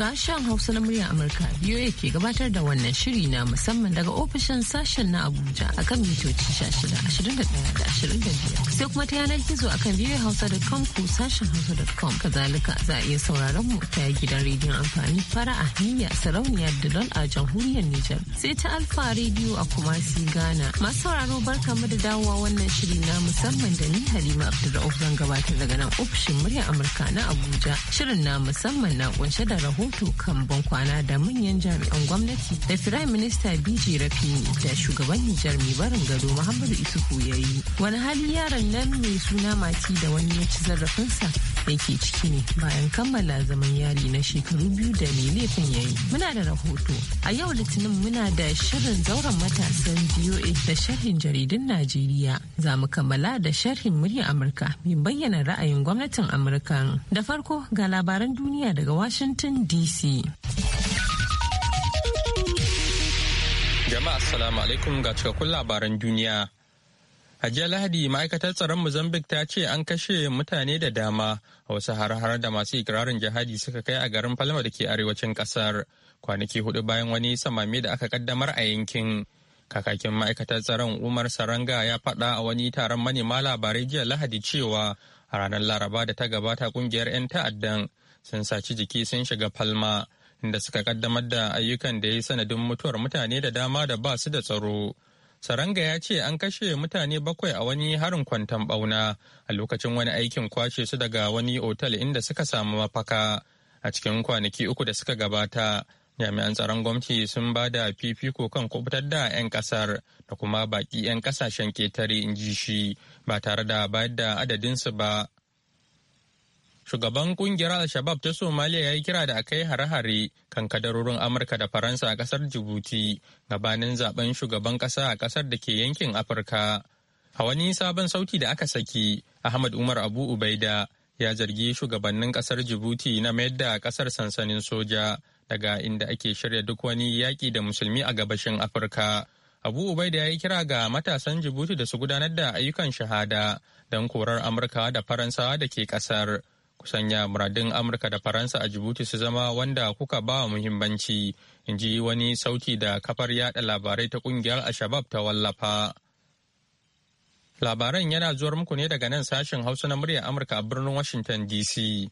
Sashen Hausa na murya Amurka biyo ke gabatar da wannan shiri na musamman daga ofishin sashen na Abuja akan mitoci 16-21-25 sai kuma ta yanar gizo akan com ko sashen hausa da hausa.com. Kazalika za a iya sauraron mu ta gidan rediyon amfani fara a a sarauniya da don a jamhuriyar Nijar sai ta Alfa rediyo a Kumasi Ghana. Masu sauraro barka mu da dawowa wannan shiri na musamman da ni Halima Abdulrauf zan gabatar daga nan ofishin murya Amurka na Abuja. Shirin na musamman na kunshe da rahoton rahoto kan bankwana da manyan jami'an gwamnati da firayim minista biji Rafi da shugaban nijar mai barin gado muhammadu isufu ya yi wani hali yaron nan mai suna mati da wani ya ci zarafinsa yake ciki ne bayan kammala zaman yari na shekaru biyu da mai laifin ya Muna da rahoto. A yau Litinin muna da shirin zauren matasan VOA da sharhin jaridun Najeriya. Za mu kammala da sharhin murya Amurka mai bayyana ra'ayin gwamnatin Amurka. Da farko ga labaran duniya daga Washington DC. Jama'a Assalamu alaikum ga cikakkun labaran duniya. A jiya Lahadi ma'aikatar tsaron Mozambique ta ce an kashe mutane da dama a wasu har-har da masu ikirarin jihadi suka kai a garin Palma da ke arewacin kasar kwanaki hudu bayan wani samame da aka kaddamar a yankin. Kakakin ma'aikatar tsaron Umar Saranga ya faɗa a wani taron manema labarai jiya Lahadi cewa a ranar Laraba da ta gabata kungiyar 'yan ta'addan sun saci jiki sun shiga Palma inda suka kaddamar da ayyukan da ya yi sanadin mutuwar mutane da dama da ba su da tsaro. Saranga ya ce an kashe mutane bakwai a wani harin kwantan bauna a lokacin wani aikin kwace su daga wani otal inda suka samu mafaka. A cikin kwanaki uku da suka gabata, jami'an tsaron gwamnati sun ba da fifiko kan kubutar da 'yan kasar da kuma baƙi 'yan kasashen ketare in ji shi ba tare da bayar da adadinsu ba. Shugaban kungiyar Al-Shabab ta Somalia ya yi kira da a kai hare-hare kan kadarorin Amurka da Faransa a kasar Djibouti gabanin zaben shugaban kasa a kasar da ke yankin Afirka. A wani sabon sauti da aka saki, Ahmad Umar Abu Ubaida ya zargi shugabannin kasar Djibouti na mayar da kasar sansanin soja daga inda ake shirya duk wani yaƙi da musulmi a gabashin Afirka. Abu Ubaida ya yi kira ga matasan Djibouti da su gudanar da ayyukan shahada don korar Amurka da Faransawa da ke kasar. ku sanya muradin amurka da faransa a jibuti su zama wanda kuka ba wa muhimmanci in ji wani sauti da kafar yada labarai ta kungiyar ashabab ta wallafa labaran yana zuwar muku ne daga nan sashen hausa na muryar amurka a birnin washington dc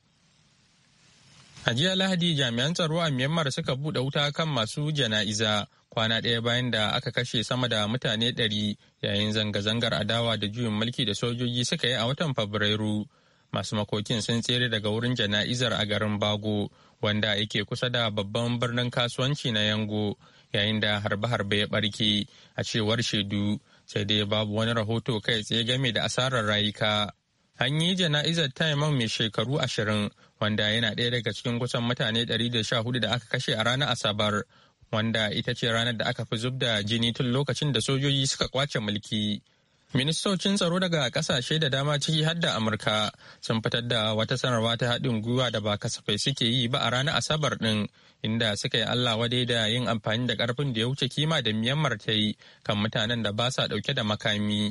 a jiya lahadi jami'an tsaro a myanmar suka buɗe wuta kan masu jana'iza kwana ɗaya bayan da aka kashe sama da mutane ɗari yayin zanga-zangar adawa da juyin mulki da sojoji suka yi a watan fabrairu masu makokin sun tsere daga wurin jana'izar a garin bago wanda yake kusa da babban birnin kasuwanci na yango yayin da harbe-harbe ya barke a cewar shaidu sai dai babu wani rahoto kai tsaye game da asarar rayuka an yi jana'izar taimakon mai shekaru ashirin wanda yana ɗaya daga cikin kusan mutane 114 da aka kashe a ranar asabar wanda ita ce ranar da aka fi zub da jini tun lokacin da sojoji suka kwace mulki Ministocin tsaro daga kasashe da dama ciki har da Amurka sun fitar da wata sanarwa ta haɗin gwiwa da ba kasafai suke yi ba a ranar Asabar ɗin inda suka yi Allah wadai da yin amfani da ƙarfin da ya wuce kima da Myanmar ta yi kan mutanen da ba sa ɗauke da makami.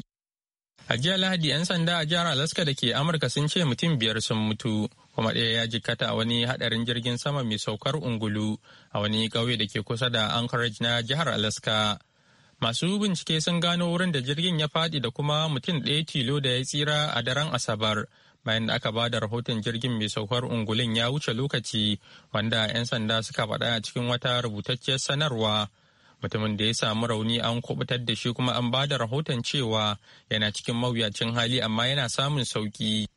A jiya Lahadi 'yan sanda a jihar Alaska da ke Amurka sun ce mutum biyar sun mutu kuma ɗaya ya jikkata a wani haɗarin jirgin sama mai saukar ungulu a wani ƙauye da ke kusa da Anchorage na jihar Alaska. Masu bincike sun gano wurin da jirgin ya faɗi da kuma mutum ɗaya tilo da ya tsira a daren Asabar. Bayan da aka ba da rahoton jirgin mai saukar ungulin ya wuce lokaci wanda 'yan sanda suka faɗa a cikin wata rubutacciyar sanarwa. Mutumin da ya samu rauni an kubutar da shi kuma an ba da rahoton cewa yana cikin mawuyacin hali amma yana samun sauki.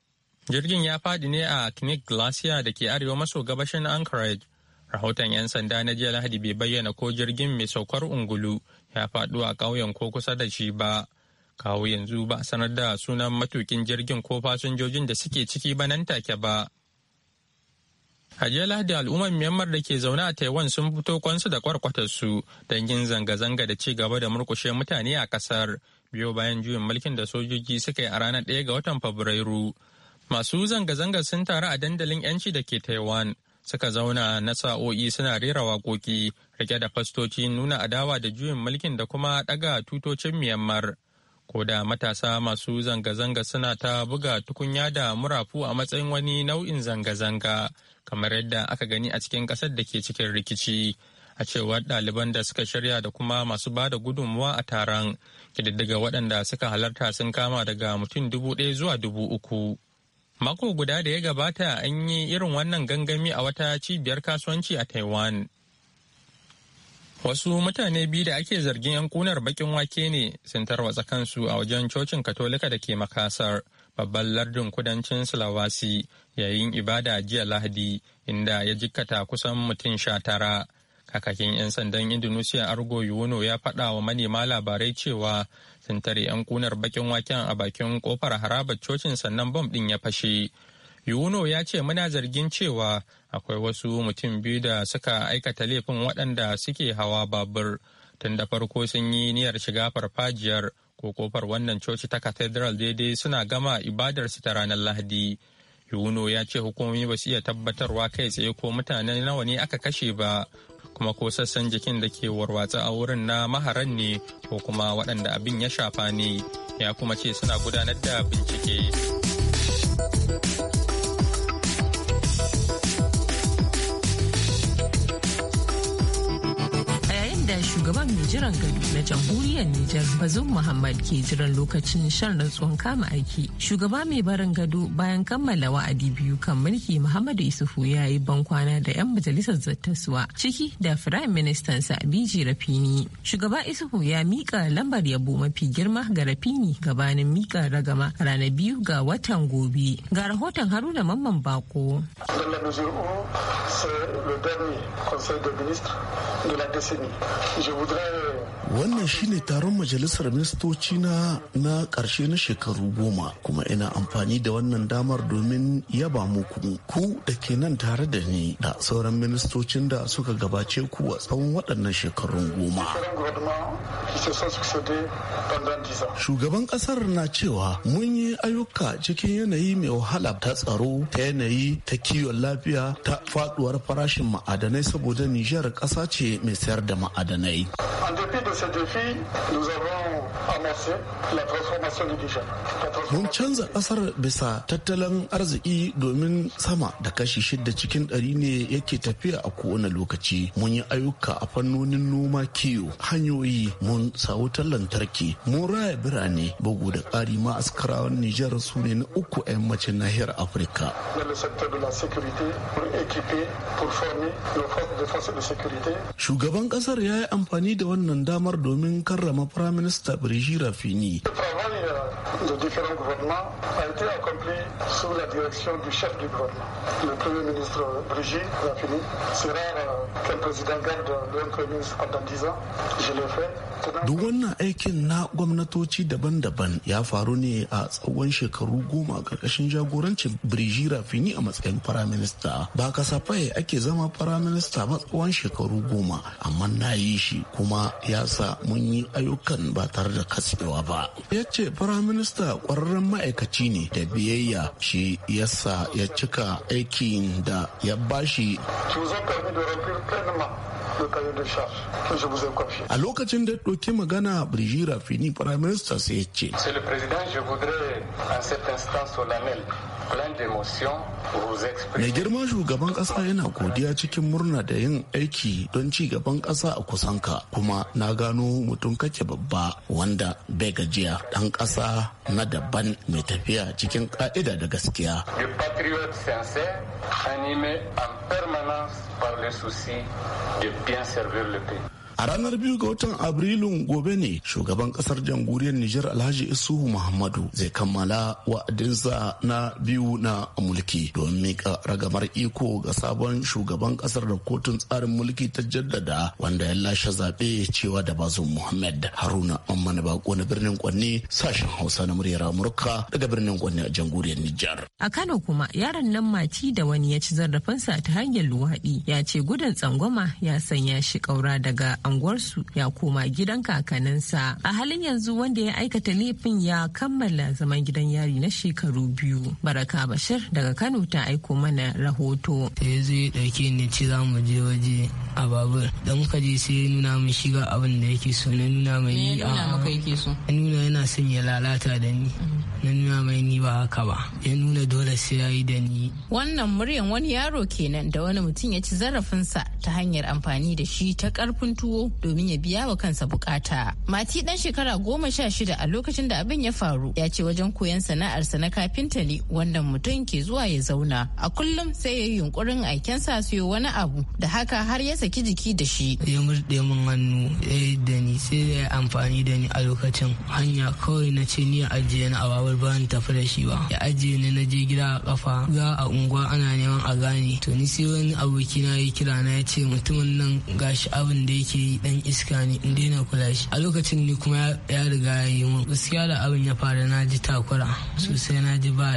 Jirgin ya faɗi ne a Knik Glacier da ke arewa maso gabashin Anchorage. Rahoton 'yan sanda na jiya Lahadi bai bayyana ko jirgin mai saukar ungulu ya faɗo a ƙauyen ko kusa da shi ba kawo yanzu ba a sanar da sunan matukin jirgin ko fasinjojin da suke ciki ba nan take ba Hajiya Lahadi al'ummar Myanmar da ke zaune a Taiwan sun fito kwansu da su don yin zanga-zanga da ci gaba da murkushe mutane a kasar biyo bayan juyin mulkin da sojoji suka yi a ranar 1 ga watan Fabrairu. Masu zanga-zanga sun taru a dandalin 'yanci da ke Taiwan suka zauna na sa'o'i suna rera waƙoƙi rike da fastoci nuna adawa da juyin mulkin da kuma daga tutocin Myanmar. Ko da matasa masu zanga-zanga suna ta buga tukunya da murafu a matsayin wani nau'in zanga-zanga, kamar yadda aka gani a cikin ƙasar da ke cikin rikici. A cewar ɗaliban da suka shirya da kuma masu ba da gudunmuwa a taron, kididdiga waɗanda suka halarta sun kama daga mutum dubu ɗaya zuwa dubu uku. Mako guda da ya gabata an yi irin wannan gangami a wata cibiyar kasuwanci a Taiwan. Wasu mutane biyu da ake zargin 'yan kunar bakin wake ne sun tarwatsa kansu a wajen cocin Katolika da ke Makasar, babban lardin kudancin Sulawesi yayin ibada jiya Lahadi, inda ya jikkata kusan mutum sha tara. Kakakin 'yan sandan Indonesia Argo Yuno ya faɗa wa manema labarai cewa sun tare 'yan kunar bakin waken a bakin kofar harabar cocin sannan bom ɗin ya fashe. Yuno ya ce muna zargin cewa akwai wasu mutum biyu da suka aikata laifin waɗanda suke hawa babur tun da farko sun yi niyyar shiga farfajiyar ko kofar wannan coci ta cathedral daidai suna gama ibadar su ta ranar lahadi yuno ya ce hukumomi ba su iya tabbatarwa kai tsaye ko mutane nawa ne aka kashe ba kuma ko sassan jikin da ke warwatsa a wurin na maharan ne ko kuma waɗanda abin ya shafa ne ya kuma ce suna gudanar da bincike. da shugaban mai jiran gado na jamhuriyar Nijar Bazum Muhammad ke jiran lokacin shan rantsuwan kama aiki. Shugaba mai barin gado bayan kammala wa'adi biyu kan mulki Muhammadu Isufu ya yi bankwana da 'yan majalisar zattasuwa ciki da Firayim Ministansa Biji Rafini. Shugaba Isufu ya mika lambar yabo mafi girma ga Rafini gabanin mika ragama ranar biyu ga watan gobe. Ga rahoton Haruna Mamman Bako. le dernier conseil de ministre de la décennie. Je voudrais Wannan shine taron majalisar ministoci na na ƙarshe na shekaru goma kuma ina amfani da wannan damar domin yaba muku ku da ke nan tare da ni da sauran ministocin da suka gabace ku a tsawon waɗannan shekarun goma. Shugaban ƙasar na cewa mun yi ayyuka cikin yanayi mai wahala ta tsaro ta yanayi ta kiwon lafiya ta faɗuwar farashin ma'adanai saboda Nijar ƙasa ce mai sayar da ma'adanai. cette fille, nous avons Mun canza ƙasar bisa tattalin arziki domin sama da kashi shida cikin ɗari ne yake tafiya a kowane lokaci. Mun yi ayyuka a fannonin noma kiwo, hanyoyi, mun sawu lantarki, mun raya birane, bugu da ƙari ma askarawan Nijar su ne na uku a yammacin nahiyar Afirka. Shugaban ƙasar ya yi amfani da wannan damar domin karrama Firaminista Brigitte agir fini. Le travail euh, de différents gouvernements a été accompli sous la direction du chef du gouvernement. Le Premier ministre Brigitte a fini. c'est rare euh, qu'un président garde le Premier ministre pendant 10 ans. Je l'ai fait. Duk wannan aikin na gwamnatoci daban-daban ya faru ne a tsawon shekaru goma a ƙarƙashin jagorancin Birji Rafini a matsayin firaminista. Ba kasafai ake zama firaminista ba tsawon shekaru goma, amma na yi shi kuma ya sa mun yi ayyukan ba tare da haskewa ba ya ce firaminista kwararren ma'aikaci ne da biyayya shi yasa ya cika aikin da ya bashi A lokacin da ɗauki magana Birji Fini Prime Minister sai ya ce. Mai girma shugaban kasa yana godiya cikin murna da yin aiki don ci gaban kasa a kusanka kuma na gano mutum kake babba wanda bai gajiya dan kasa na daban mai tafiya cikin ka'ida da gaskiya. animé en permanence par le de bien servir le pays. A ranar biyu ga watan Abrilun gobe ne shugaban kasar jamhuriyar Nijar Alhaji Isuhu Muhammadu zai kammala wa'adinsa na biyu na mulki don mika ragamar iko ga sabon shugaban kasar da kotun tsarin mulki ta jaddada wanda ya lashe zaɓe cewa da bazum Muhammad Haruna Amman Bako na birnin Kwanne sashen Hausa na muryar Amurka daga birnin Kwanne a jamhuriyar Nijar. A Kano kuma yaron nan mati da wani ya ci zarafinsa ta hanyar luwaɗi ya ce "Gudan tsangwama ya sanya shi ƙaura daga anguwarsu ya koma gidan kakaninsa a halin yanzu wanda ya aikata laifin ya kammala zaman gidan yari na shekaru biyu baraka bashir daga kano ta aiko mana rahoto ya zo ya ɗauke ni ce za mu je waje a babur da muka je sai ya nuna mu shiga abin da yake so na nuna mai nuna yana son ya lalata da ni mm-hmm. na nuna mai ni ba haka ba ya nuna dole sai ya yi da ni wannan muryan wani yaro kenan da wani mutum ya ci zarafinsa ta hanyar amfani da shi ta karfin tuwo domin ya biya wa kansa bukata. Mati dan shekara goma sha shida a lokacin da abin ya faru ya ce wajen koyon sana'arsa na kafinta ne wanda mutum ke zuwa ya zauna. A kullum sai ya yi yunkurin sa siyo wani abu da haka har ya saki jiki da shi. Ya murɗe min hannu ya da ni sai ya amfani da ni a lokacin hanya kawai na ce ni ajiye na awawar ba ni tafi da shi ba. Ya ajiye ni na je gida a kafa za a unguwa ana neman a gane. To ni sai wani abokina ya kira na ya ce mutumin nan gashi abin da yake shi dan iska ne in daina kula shi a lokacin ne kuma ya riga ya yi mun gaskiya da abin ya fara na ji takura sosai na ji ba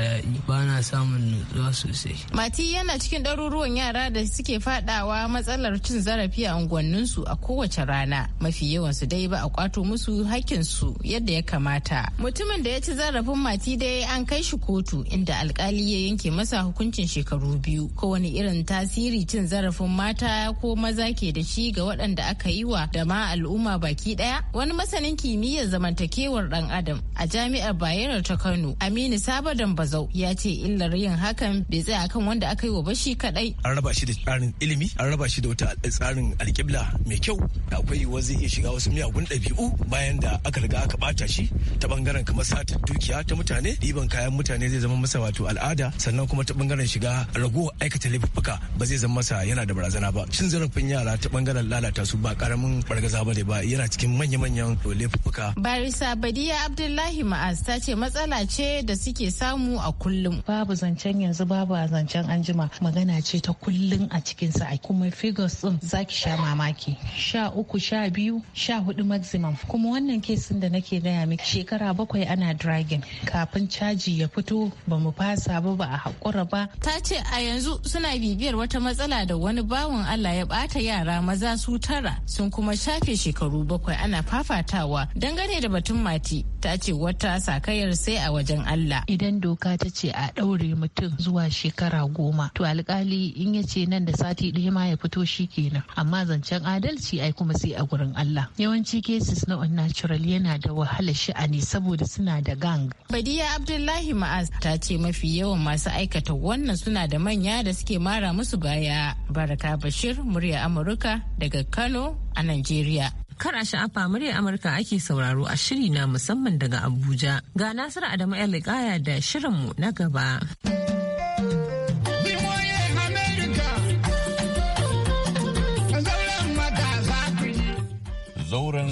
ba na samun nutsuwa sosai mati yana cikin ɗaruruwan yara da suke faɗawa matsalar cin zarafi a unguwanninsu a kowace rana mafi yawan su dai ba a kwato musu hakkin su yadda ya kamata mutumin da ya ci zarafin mati dai an kai shi kotu inda alkali ya yanke masa hukuncin shekaru biyu kowane irin tasiri cin zarafin mata ko maza ke da shi ga waɗanda aka yiwa da ma al'umma baki daya wani masanin kimiyyar zamantakewar dan adam a jami'ar bayero ta kano aminu sabadan bazau ya ce illar yin hakan bai tsaya akan wanda aka yi wa bashi kadai an raba shi da tsarin ilimi an raba shi da wata tsarin alkibla mai kyau da akwai yiwuwa zai iya shiga wasu miyagun ɗabi'u bayan da aka riga aka bata shi ta bangaren kamar satar dukiya ta mutane ɗiban kayan mutane zai zama masa wato al'ada sannan kuma ta bangaren shiga rago aikata laifuka ba zai zama masa yana da barazana ba cin zarafin yara ta bangaren lalata su ba karamin bargaza ba ba yana cikin manya-manyan laifuka. Barisa Badiya Abdullahi Ma'az ta ce matsala ce da suke samu a kullum. Babu zancen yanzu babu a zancen anjima magana ce ta kullum a cikin sa a kuma figures din zaki sha mamaki. Sha uku sha biyu sha hudu maximum kuma wannan kesin da nake gaya miki shekara bakwai ana dragon kafin caji ya fito ba mu fasa ba ba a haƙura ba. Ta ce a yanzu suna bibiyar wata matsala da wani bawan Allah ya bata yara maza su tara sun kuma shafe shekaru bakwai ana fafatawa dangane da batun mati ta ce wata sakayar sai a wajen Allah. Idan doka ta ce a ɗaure mutum zuwa shekara goma to alkali in ya ce nan da sati ɗaya ma ya fito shi kenan amma zancen adalci ai kuma sai a gurin Allah. Yawanci cases na unnatural yana da wahalar sha'ani saboda suna da gang. Badiya Abdullahi Ma'az ta ce mafi yawan masu aikata wannan suna da manya da suke mara musu baya. Baraka Bashir murya Amurka daga Kano a Najeriya. Kar a sha'afa murya Amurka ake sauraro a shiri na musamman daga Abuja. Ga Nasiru Adamu Yalikaya da shirinmu na gaba.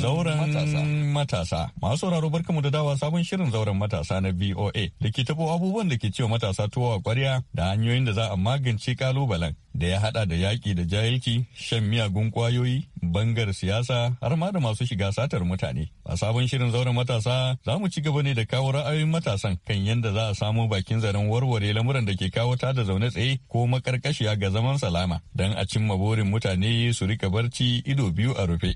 Zauren matasa. Masu sauraro barkamu da dawa sabon shirin zauren matasa na boa da ke tabo abubuwan da ke cewa matasa tuwa kwarya da hanyoyin da za a magance kalubalen da ya hada da yaƙi da jahilci, shan miyagun kwayoyi, bangar siyasa har ma da masu shiga satar mutane. A sabon shirin zauren matasa za mu ci gaba ne da kawo ra'ayoyin matasan kan yadda za a samu bakin zaren warware lamuran da ke kawo ta da zaune tsaye ko makarkashiya ga zaman salama don a cimma burin mutane su rika barci ido biyu a rufe.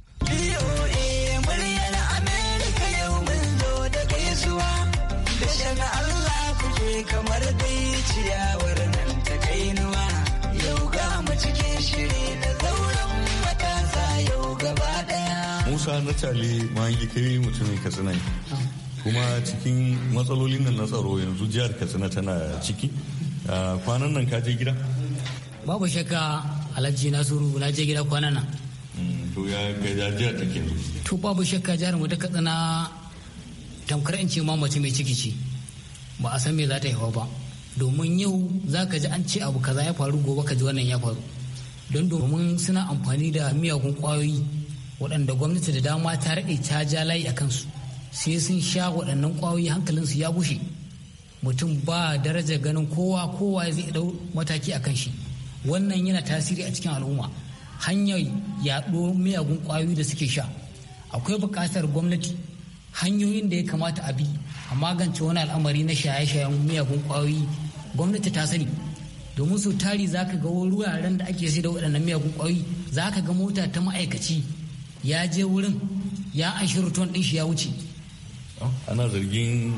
musa na tale mahangi kai mutumin katsina ne kuma cikin matsalolin nan na tsaro yanzu jihar katsina tana ciki kwanan nan ka je gida babu shakka alhaji nasiru na je gida kwanan nan mm, to ya ga jihar take to babu shakka jihar mu ta katsina tamkar in ce ma mace mai ciki ce ba a san me za ta yi ba domin yau za ka ji an ce abu kaza ya faru gobe ka ji wannan ya faru don domin suna amfani da miyagun kwayoyi waɗanda gwamnati da dama ta raɗe ta ja layi a kansu sai sun sha waɗannan ƙwayoyi hankalinsu ya bushe mutum ba daraja ganin kowa kowa zai ɗau mataki a kan shi wannan yana tasiri a cikin al'umma hanyar yaɗo miyagun ƙwayoyi da suke sha akwai buƙatar gwamnati hanyoyin da ya kamata a bi a magance wani al'amari na shaye-shayen miyagun ƙwayoyi gwamnati ta sani domin su tari za ka ga wuraren da ake sai da waɗannan miyagun ƙwayoyi za ka ga mota ta ma'aikaci ya je wurin ya ashirton din shi ya wuce ah, ana zargin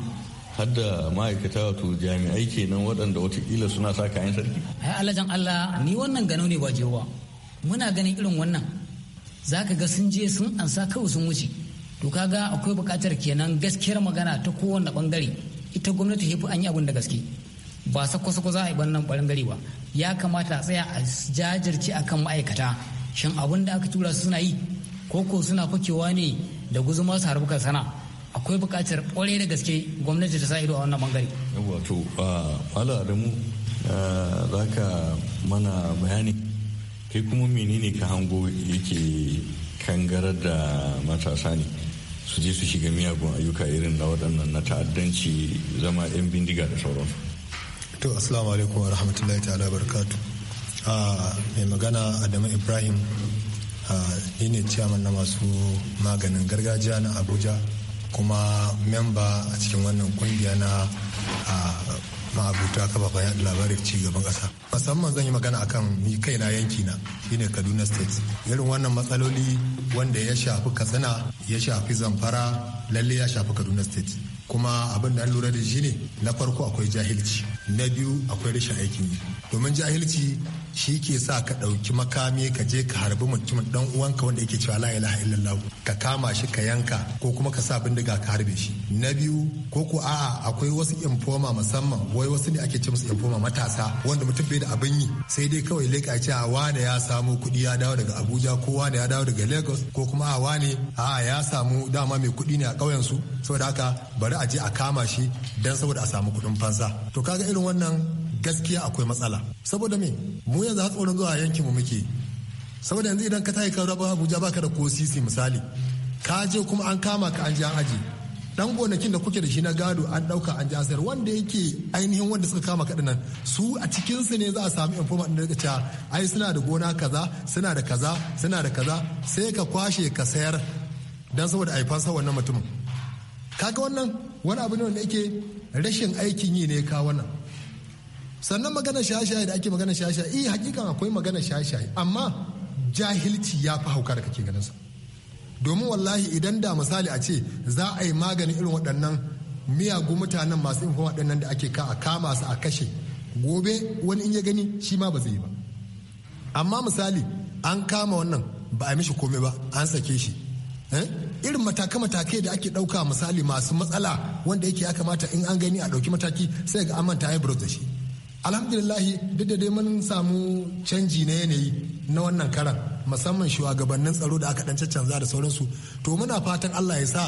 hadda ma'aikata wato jami'ai kenan waɗanda watakila suna sa kayan sarki ai alajan allah ni wannan gano ne ba jewa muna ganin irin wannan za ka ga sun je sun ansa kawai sun wuce to kaga akwai buƙatar kenan gaskiyar magana ta kowane bangare ita gwamnati hefu an yi abin da gaske ba sako-sako za a yi wannan ɓangare ba ya kamata a tsaya a jajirce akan ma'aikata shin abun da aka tura suna yi ko ko suna fakewa ne da guzuma su harbuka sana akwai buƙatar ƙwarai da gaske gwamnati ta sa ido a wannan bangare. wato fala adamu za ka mana bayani kai kuma menene ka hango yake kangarar da matasa ne su je su shiga miyagun ayyuka irin na waɗannan na ta'addanci zama 'yan bindiga da sauransu. to assalamu alaikum wa rahmatullahi ta'ala a mai magana adamu ibrahim Ah, ni ne ciyaman na masu maganin gargajiya na abuja kuma memba a cikin wannan kungiya na ah, ma'abuta kafafen yada labarin ci gaban ƙasa musamman zan yi magana akan ni kaina yanki na shine kaduna state irin wannan matsaloli wanda ya shafi katsina ya shafi zamfara lalle ya shafi kaduna state kuma abin da an lura da shi ne na farko akwai jahilci na biyu akwai rashin aikin yi domin jahilci shi ke sa ka ɗauki makami ka je ka harbi mutumin dan uwanka wanda yake cewa la ilaha illallah ka kama shi ka yanka ko kuma ka sa bindiga ka harbe shi na biyu ko ko a'a akwai wasu informa musamman wai wasu ne ake ce musu informa matasa wanda mutum bai da abin yi sai dai kawai leka ce a wane ya samu kuɗi ya dawo daga Abuja ko wane ya dawo daga Lagos ko kuma a wane a'a ya samu dama mai kuɗi ne a ƙauyen su saboda haka bari a je a kama shi dan saboda a samu kuɗin fansa to kaga irin wannan gaskiya akwai matsala saboda me mu yanzu haka tsoron zuwa yankin mu muke saboda yanzu idan ka tayi ka raba Abuja baka da ko misali ka je kuma an kama ka an ji an aje dan gonakin da kuke da shi na gado an dauka an ji sayar wanda yake ainihin wanda suka kama kaɗinan su a cikin su ne za a samu information da cewa ai suna da gona kaza suna da kaza suna da kaza sai ka kwashe ka sayar dan saboda ai fasa wannan mutumin kaga wannan wani abu ne wanda yake rashin aikin yi ne ka wannan sannan magana shashaye da ake magana shashaye iya eh, hakikan akwai magana shashaye amma jahilci ya fi hauka da kake ganin domin wallahi idan da misali a ce za a yi maganin irin waɗannan miyagu mutanen masu yin waɗannan da ake kama su a kashe gobe wani in ya gani shi ma ba zai yi ba amma misali an kama wannan ba a mishi komai ba an sake shi eh, irin matakai matakai da ake ɗauka misali masu matsala wanda yake ya kamata in an gani a ɗauki mataki sai ga amanta ya da shi alhamdulillahi duk da dai mun samu canji na yanayi na wannan karan musamman shugabannin tsaro da aka dan canza da sauransu to muna fatan allah ya sa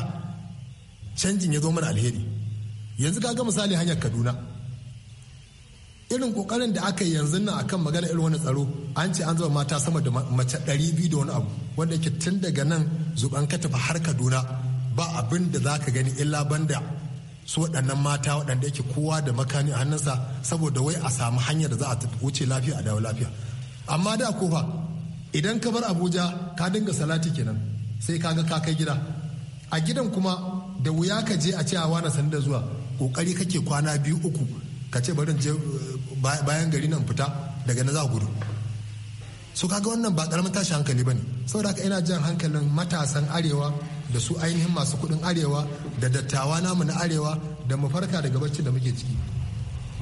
canjin ya zo mana alheri yanzu kaga misali hanyar kaduna irin kokarin da aka yi yanzu nan akan magana irin wani tsaro an ce an zama mata sama da mace ɗari biyu da wani abu wanda ke tun daga nan zuban katafa har kaduna ba abin da za ka gani illa banda su waɗannan mata waɗanda yake kowa da makani a hannunsa saboda wai a samu hanyar da za a wuce lafiya a dawo lafiya amma da kofa idan ka bar abuja ka dinga salati kenan sai ka ga ka kai gida a gidan kuma da wuya ka je a ce a wani sanda zuwa kokari kake kwana biyu uku ka ce barin je bayan gari nan fita daga na za gudu so kaga wannan ba karamin tashi hankali ba ne saboda haka ina jan hankalin matasan arewa da su ainihin masu kuɗin arewa da dattawa namu na arewa da mu farka daga barci da muke ciki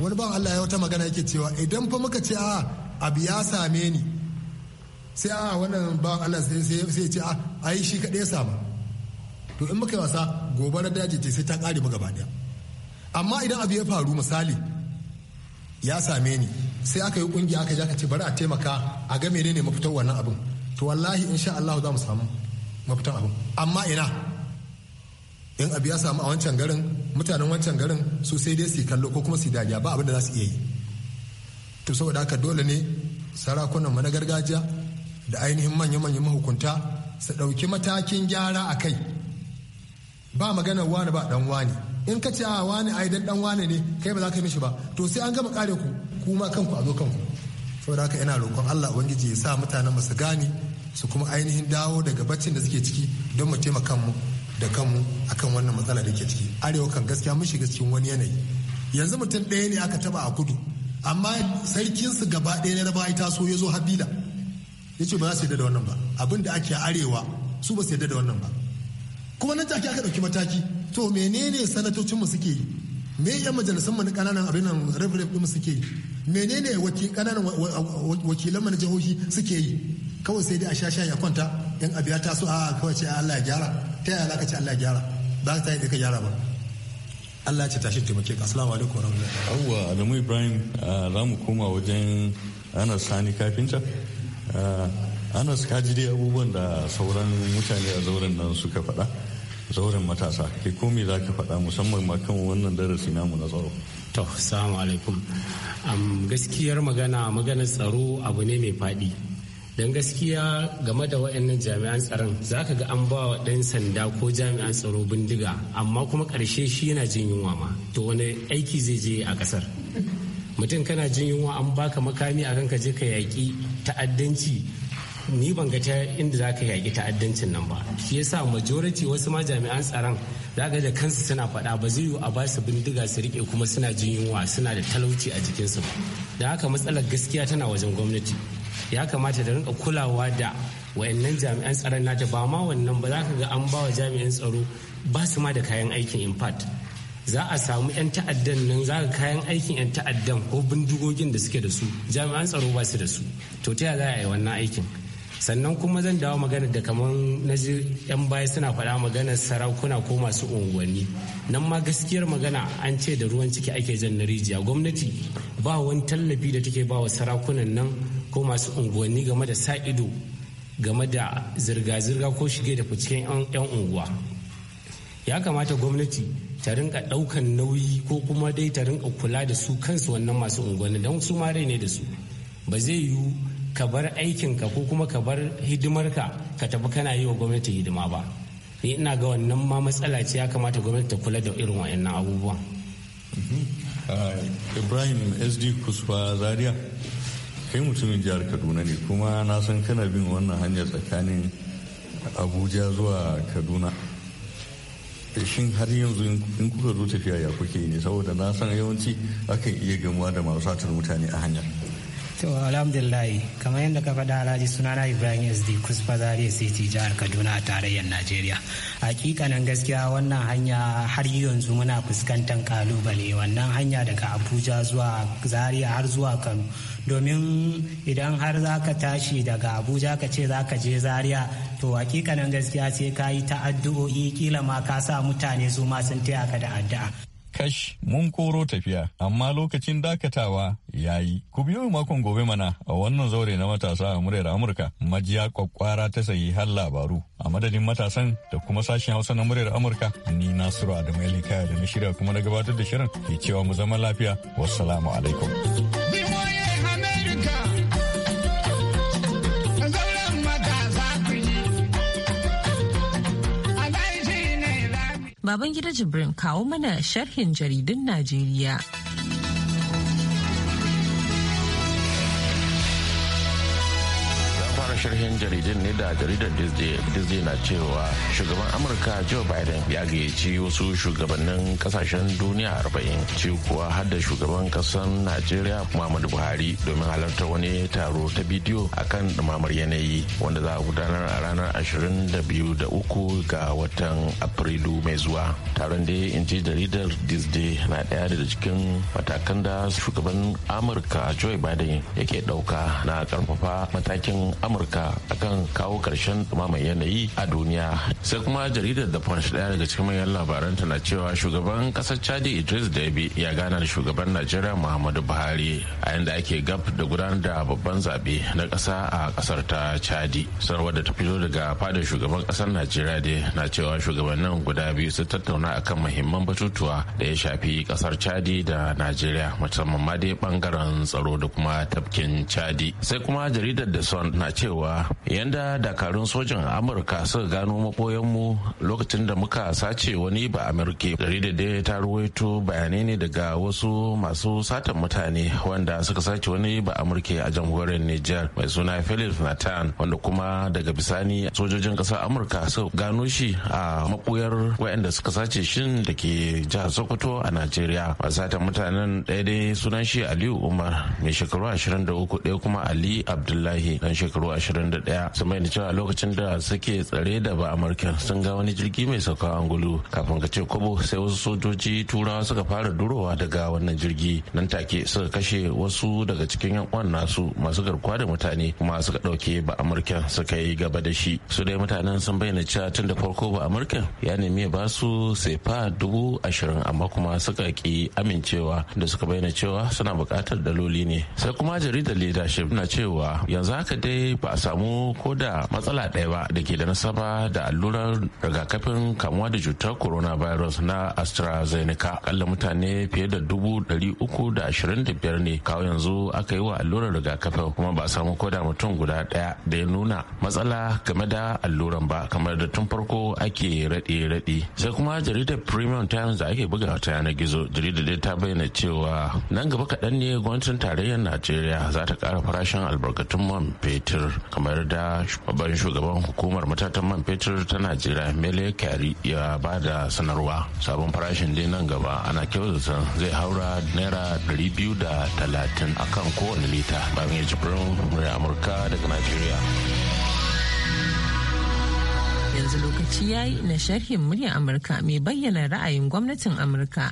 wani ban Allah ya wata magana yake cewa idan fa muka ce a abu ya same ni sai a wannan ban Allah sai sai ce a ai shi kaɗai samu to in muka yi wasa gobarar daji sai ta kare mu gaba ɗaya amma idan abu ya faru misali ya same ni sai aka yi kungiya aka je aka ce bari a taimaka a ga menene mafitar wannan abin to wallahi insha Allah za mu samu mafitan abu amma ina in abu ya samu a wancan garin mutanen wancan garin su sai dai su kallo ko kuma su dariya ba abin da za su iya yi to saboda haka dole ne sarakunan mu na gargajiya da ainihin manya-manyan mahukunta su ɗauki matakin gyara a kai ba magana wani ba dan wani in ka ce a wani a dan dan wani ne kai ba za ka yi mishi ba to sai an gama kare ku kuma kanku a zo kanku saboda haka ina roƙon Allah ubangiji ya sa mutanen mu su gane su kuma ainihin dawo daga baccin da suke ciki don mu taimaka mu da kanmu akan wannan matsala da ke ciki arewa kan gaskiya mun shiga cikin wani yanayi yanzu mutum ɗaya ne aka taba a kudu amma sarkinsu gaba ɗaya na rabawa ita so ya zo habila ya ce ba za su yadda da wannan ba abin da ake arewa su ba su yadda da wannan ba kuma nan take aka ɗauki mataki to menene sanatocinmu suke yi me yan mu na ƙananan abin nan mu suke yi menene wakilan mu na jihohi suke yi kawai sai dai a sha sha ya kwanta in abu ya taso a kawai ce Allah ya gyara ta yaya zaka ce Allah ya gyara ba ta yi ka gyara ba Allah ya ce tashi taimake ka assalamu alaikum warahmatullahi awwa Adamu Ibrahim za mu koma wajen Anas Sani kafinta Anas ka ji dai abubuwan da sauran mutane a zauren nan suka faɗa zauren matasa ke komai za ka faɗa musamman ma kan wannan darasi namu na tsaro to assalamu alaikum gaskiyar magana maganar tsaro abu ne mai faɗi don gaskiya game da waɗannan jami'an tsaron za ka ga an ba wa ɗan sanda ko jami'an tsaro bindiga amma kuma ƙarshe shi yana jin yunwa ma to wani aiki zai je a ƙasar mutum kana jin yunwa an baka makami a ka je ka yaƙi ta'addanci ni ban ga ta inda za ka yaƙi ta'addancin nan ba shi yasa majority wasu ma jami'an tsaron za ga da kansu suna faɗa ba zai yi a ba su bindiga su riƙe kuma suna jin yunwa suna da talauci a jikinsu da haka matsalar gaskiya tana wajen gwamnati ya kamata da rinka kulawa da wa'annan jami'an tsaron nata ba ma wannan ba za ka ga an ba wa jami'an tsaro ba su ma da kayan aikin impact za a samu 'yan ta'addan nan za ka kayan aikin 'yan ta'addan ko bindigogin da suke da su jami'an tsaro ba su da su to ta za a yi wannan aikin sannan kuma zan dawo magana da kamar na ji 'yan baya suna faɗa magana sarakuna ko masu unguwanni nan ma gaskiyar magana an ce da ruwan ciki ake jan na rijiya gwamnati ba wani tallafi da take ba wa sarakunan nan ko masu unguwanni game da sa ido game da zirga-zirga ko shige da fice 'yan unguwa ya kamata gwamnati ta rinka ɗaukan nauyi ko kuma dai ta rinka kula da su kansu wannan masu unguwanni don su ma rai ne da su ba zai yiwu ka bar aikinka ko kuma ka bar hidimar ka ka tafi kana yi wa gwamnati hidima ba ni ina ga wannan ma matsala ce ya kamata gwamnati ta kula da irin wayannan abubuwan mm-hmm. uh, ibrahim sd kuswa zaria kai mutumin jihar kaduna ne kuma na san kana bin wannan hanyar tsakanin abuja zuwa kaduna eh, shin har yanzu in kuka zo tafiya ya kuke ne saboda na san yawanci akan iya gamuwa da masu satar mutane a hanyar To alhamdulillah kamar yadda ka faɗa alhaji sunana Ibrahim SD Kusfa Zaria City jihar Kaduna a tarayyar Najeriya. Hakikanin gaskiya wannan hanya har yanzu muna fuskantar kalubale wannan hanya daga Abuja zuwa Zaria har zuwa Kano. Domin idan har za ka tashi daga Abuja ka ce za ka je Zaria to hakikanin gaskiya sai ka yi ta addu'o'i kila ma ka sa mutane su ma sun taya ka da addu'a. kash mun koro tafiya amma lokacin dakatawa ya yi ku biyo makon gobe mana a wannan zaure na matasa a muryar amurka majiya kwakwara ta sayi har labaru a madadin matasan da kuma sashen hausa na muryar amurka ni nasiru adamu ya da na shirya kuma na gabatar da shirin ke cewa mu zama lafiya wassalamu alaikum. Baban gida Jibrin kawo mana sharhin jaridun Najeriya. gidan ne da jaridar disney na cewa shugaban amurka joe biden ya gayyaci wasu shugabannin kasashen duniya arba'in ce kuwa har da shugaban kasar najeriya muhammadu buhari domin halartar wani taro ta bidiyo akan dumamar yanayi wanda za a gudanar a ranar 22 da uku ga watan afrilu mai zuwa taron da in ji jaridar disney na daya da cikin matakan da shugaban amurka joe biden yake ɗauka na karfafa matakin amurka akan kawo karshen dumaman yanayi a duniya sai kuma jaridar da punch daya daga cikin manyan labaran ta na cewa shugaban kasar chadi idris debi ya gana da shugaban najeriya muhammadu buhari a yanda ake gab da gudanar da babban zabe na kasa a kasar ta chadi sarwar da ta fito daga fadin shugaban kasar najeriya dai na cewa shugabannin guda biyu su tattauna akan muhimman batutuwa da ya shafi kasar chadi da najeriya musamman ma dai bangaren tsaro da kuma tafkin chadi sai kuma jaridar da son na cewa yanda dakarun sojan amurka suka gano mu lokacin da muka sace wani ba amurke jaridar da ta ruwaito bayanai ne daga wasu masu satan mutane wanda suka sace wani ba amurke a jamhuriyar niger mai suna philip nathan wanda kuma daga bisani sojojin kasar amurka suka gano shi a makoyar waɗanda suka sace shin da ke jihar sokoto a najeriya masu satan mutanen ɗaya dai sunan shi aliyu umar mai shekaru 23 ɗaya kuma ali abdullahi dan shekaru 21 daya su mai da cewa lokacin da suke tsare da ba amurka sun ga wani jirgi mai sauka angulu kafin ka ce kobo sai wasu sojoji turawa suka fara durowa daga wannan jirgi nan take suka kashe wasu daga cikin yan uwan nasu masu garkuwa da mutane kuma suka dauke ba amurka suka yi gaba da shi su dai mutanen sun bayyana cewa tun da farko ba amurka ya nemi ba su sefa dubu ashirin amma kuma suka ki amincewa da suka bayyana cewa suna bukatar daloli ne sai kuma jaridar leadership na cewa yanzu haka dai ba a samu ko da matsala ɗaya ba da ke da nasaba da allurar rigakafin kamuwa da cutar coronavirus na astrazeneca akalla mutane fiye da dubu ɗari uku da ashirin da biyar ne kawo yanzu aka yi wa allurar rigakafin kuma ba a samu ko da mutum guda ɗaya da ya nuna matsala game da alluran ba kamar da tun farko ake raɗe-raɗe sai kuma jaridar premium times da ake buga ta yanar gizo jaridar ta bayyana cewa nan gaba kaɗan ne gwamnatin tarayyar najeriya za ta ƙara farashin albarkatun man fetur kamar yarda babban shugaban hukumar matatan man fetur ta najeriya mele kyari ya ba da sanarwa sabon farashin dai nan gaba ana kyautata zai haura naira biyu da 230 kan kowane lita bayan ya jibirin murya amurka daga najeriya yanzu lokaci ya yi na sharhin murya amurka mai bayyana ra'ayin gwamnatin amurka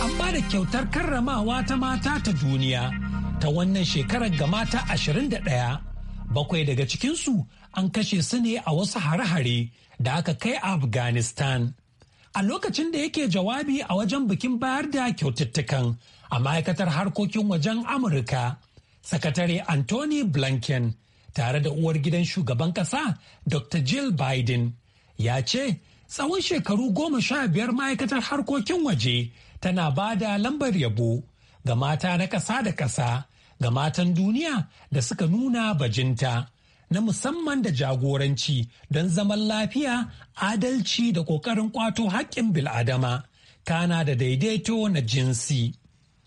an ba da kyautar karramawa ta mata ta duniya ta wannan shekarar ga mata 21 bakwai daga cikinsu an kashe su ne a wasu hare-hare da aka kai a afghanistan a lokacin da yake jawabi a wajen bikin bayar da kyaututtukan a ma'aikatar harkokin wajen amurka sakatare anthony blinken tare da uwar gidan shugaban kasa dr jill biden ya ce tsawon shekaru goma sha biyar ma'aikatar harkokin waje tana ba da lambar yabo ga mata na kasa da kasa. ga matan duniya da suka nuna bajinta na musamman da jagoranci don zaman lafiya adalci da ƙoƙarin ƙwato haƙƙin bil'adama kana da daidaito na jinsi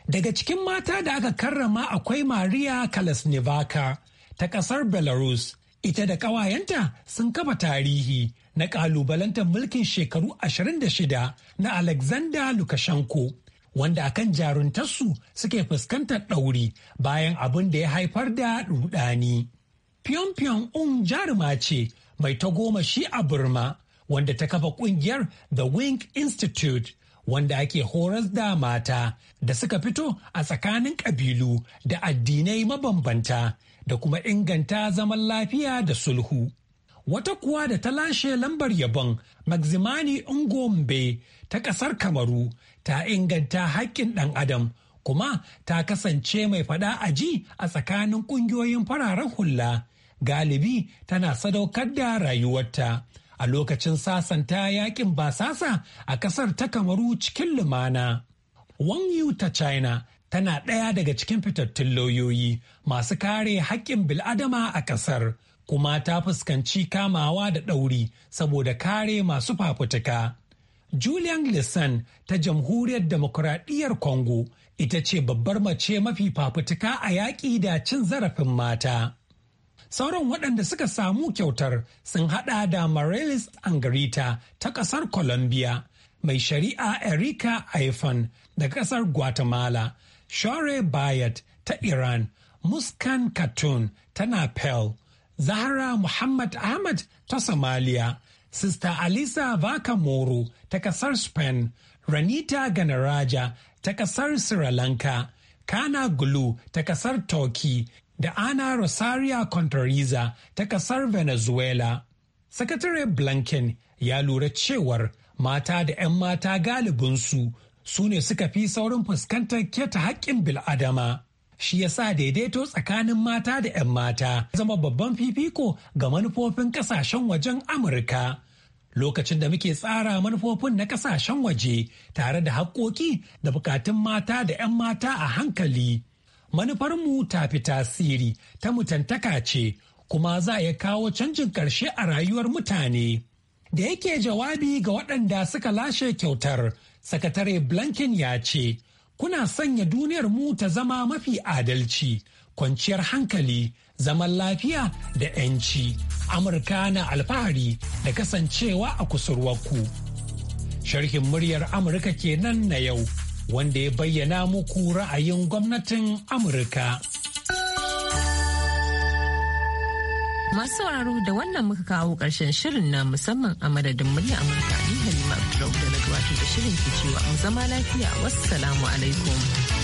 daga cikin mata da aka karrama akwai maria kalasnivaka ta ƙasar belarus ita da ƙawayenta sun kafa tarihi na ƙalubalantar mulkin shekaru 26 na alexander lukashenko wanda a kan jaruntarsu suke fuskantar ɗauri bayan abin da ya haifar da rudani. Pyongyang Un jaruma ce mai ta goma shi a Burma wanda ta kafa ƙungiyar The Wing Institute wanda ake horas da mata da suka fito a tsakanin ƙabilu da addinai mabambanta da kuma inganta zaman lafiya da sulhu. Wata kuwa da ta lashe lambar yabon Maximani Ngombe ta ƙasar Kamaru ta inganta haƙƙin ɗan Adam kuma ta kasance mai faɗa a ji a tsakanin ƙungiyoyin fararen hula. Galibi tana sadaukar da rayuwarta a lokacin sasanta yakin basasa a ƙasar ta Kamaru cikin lumana. Wang Yu ta China tana ɗaya daga cikin fitattun lauyoyi masu kare haƙƙin bil'adama a ƙasar kuma ta fuskanci kamawa da ɗauri saboda kare masu fafutuka. Julian Lissan ta Jamhuriyar Demokuraɗiyyar Congo ita ce babbar mace mafi fafutuka a yaƙi da cin zarafin mata. Sauran waɗanda suka samu kyautar sun haɗa da Marilis Angarita ta ƙasar Colombia, mai shari'a Erika Aifan da ƙasar Guatemala, Shore Bayat ta Iran, Muskan Katun ta Napel, Zahra Muhammad Ahmad ta Somalia. Sista Alisa Vaca Moro ta kasar Spain, Ranita Ganaraja ta kasar Sri Lanka, Kana Gulu ta kasar Turkey da Ana Rosaria Contreriza ta kasar Venezuela. Sakatare Blanken ya lura cewar mata da 'yan mata galibinsu su ne suka fi saurin fuskantar keta haƙƙin bil'adama. shi ya sa daidaito tsakanin mata da 'yan mata zama babban fifiko ga manufofin kasashen wajen amurka lokacin da muke tsara manufofin na kasashen waje tare da haƙƙoƙi da bukatun mata da 'yan mata a hankali manufarmu ta fi tasiri ta mutantaka ce kuma za ya kawo canjin ƙarshe a rayuwar mutane da yake jawabi ga waɗanda suka lashe kyautar sakatare blanken ya ce kuna sanya duniyar mu ta zama mafi adalci kwanciyar hankali zaman lafiya da 'yanci amurka na alfahari da kasancewa a kusurwarku sharhin muryar amurka kenan na yau wanda ya bayyana muku ra'ayin gwamnatin amurka. Masu sauraro da wannan muka kawo ƙarshen shirin na musamman a madadin murya Amurka ni Halima Abdulrahman da na gabatar da shirin ke cewa mu zama lafiya wassalamu alaikum.